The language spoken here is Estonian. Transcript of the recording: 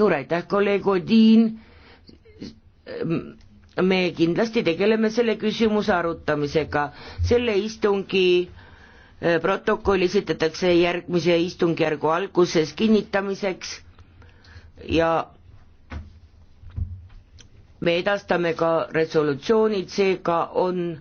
suur aitäh, kolleeg Odin. me kindlasti tegeleme selle küsimuse arutamisega, selle istungi eh, protokoll esitatakse järgmise istungjärgu alguses kinnitamiseks ja me edastame ka resolutsioonid, seega on